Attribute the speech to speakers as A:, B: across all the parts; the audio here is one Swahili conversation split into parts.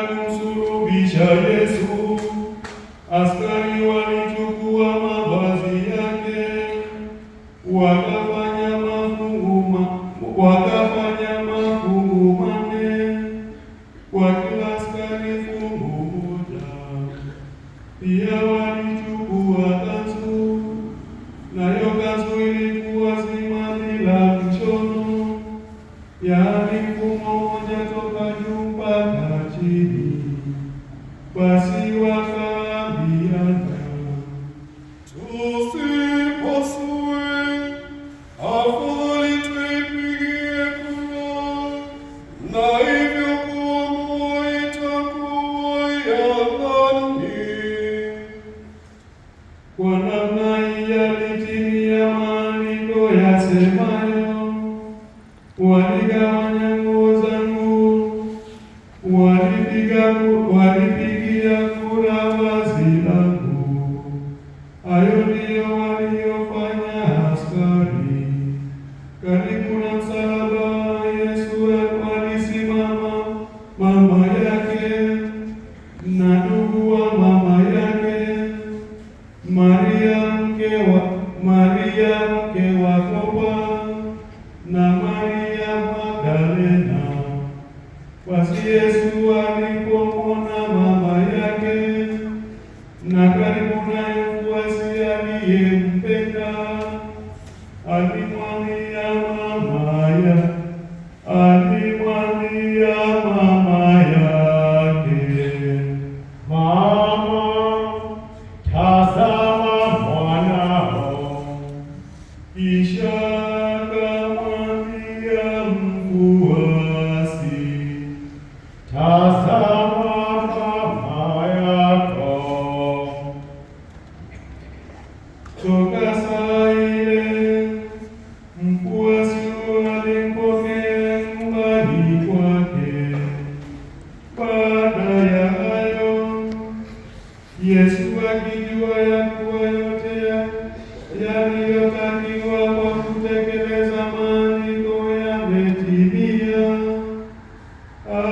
A: Alimsulubisha Yesu, askari walichukua mavazi yake, wakafanya mafungu manne kwa kila askari fungu moja. quase walipiga kura mazina Yesu alipomwona mama yake na karibu naye God's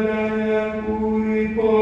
A: I am Amen.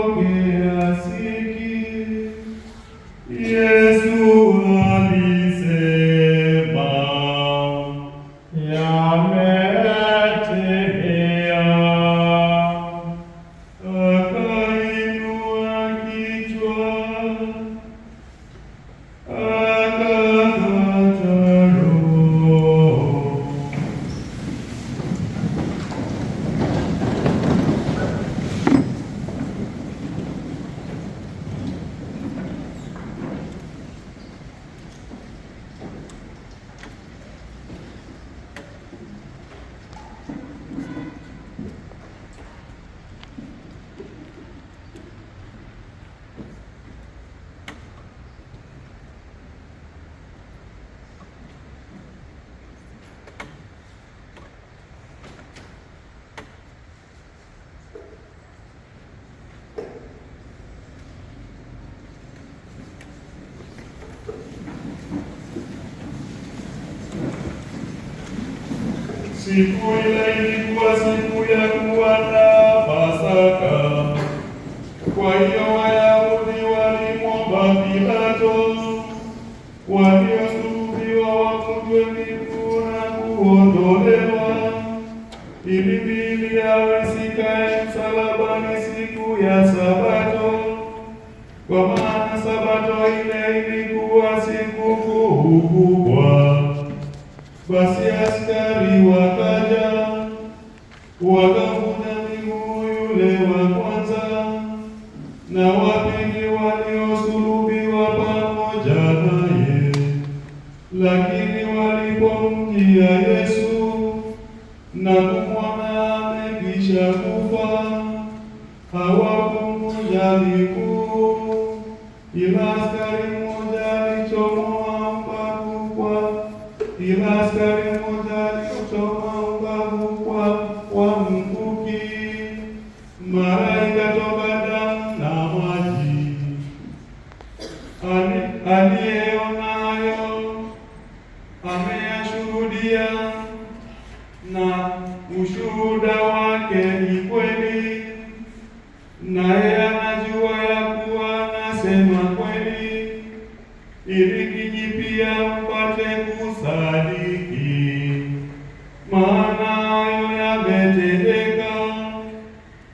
A: Siku ile ilikuwa siku ya kuwa na Pasaka. Kwa hiyo Wayahudi walimwomba Pilato waliosulubiwa wafungwe miguu na kuondolewa, ili miili yao isikae msalabani siku ya Sabato, kwa maana Sabato ile ilikuwa siku sikukuu. Basi askari wakaja wakamvunja miguu yule wa kwanza na wapili waliosulubiwa pamoja naye, lakini walipomjia Yesu na kumwona amekwisha kufa, hawakumvunja miguu ila yake ni kweli, naye anajua ya kuwa anasema kweli, ili ninyi pia mpate kusadiki. Maana hayo yametendeka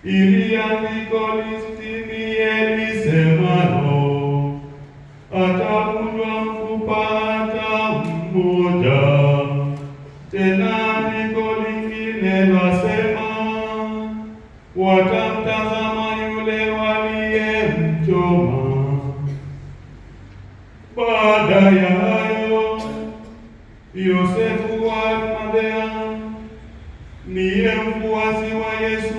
A: ili ufuasi wa Yesu,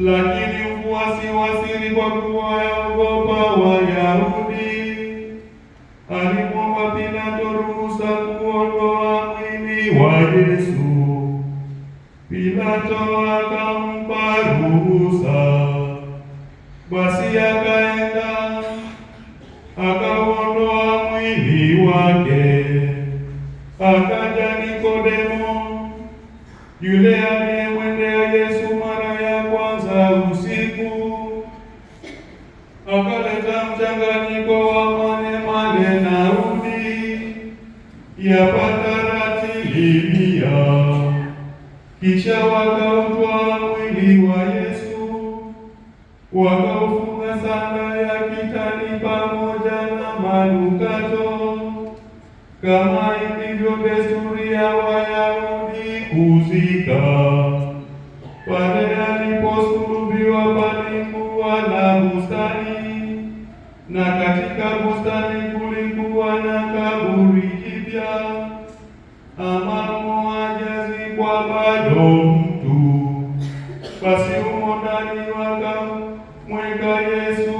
A: lakini ufuasi wa siri, kwa kuwaogopa Wayahudi. Alimwomba Pilato ruhusa kuondoa mwili wa Yesu. Pilato akampa ruhusa, basi akaenda akauondoa mwili wake aka yule aliyemwendea Yesu mara ya kwanza usiku, akaleta mchanganyiko wa mane mane na udi, yapata ratili mia. Kisha wakautwa mwili wa Yesu, wakaufunga sanda ya kitani pamoja na manukato kama ilivyo pale aliposulubiwa palikuwa na bustani, na katika bustani kulikuwa na kaburi jipya ambamo hajazikwa bado mtu. Basi humo ndani wakamweka Yesu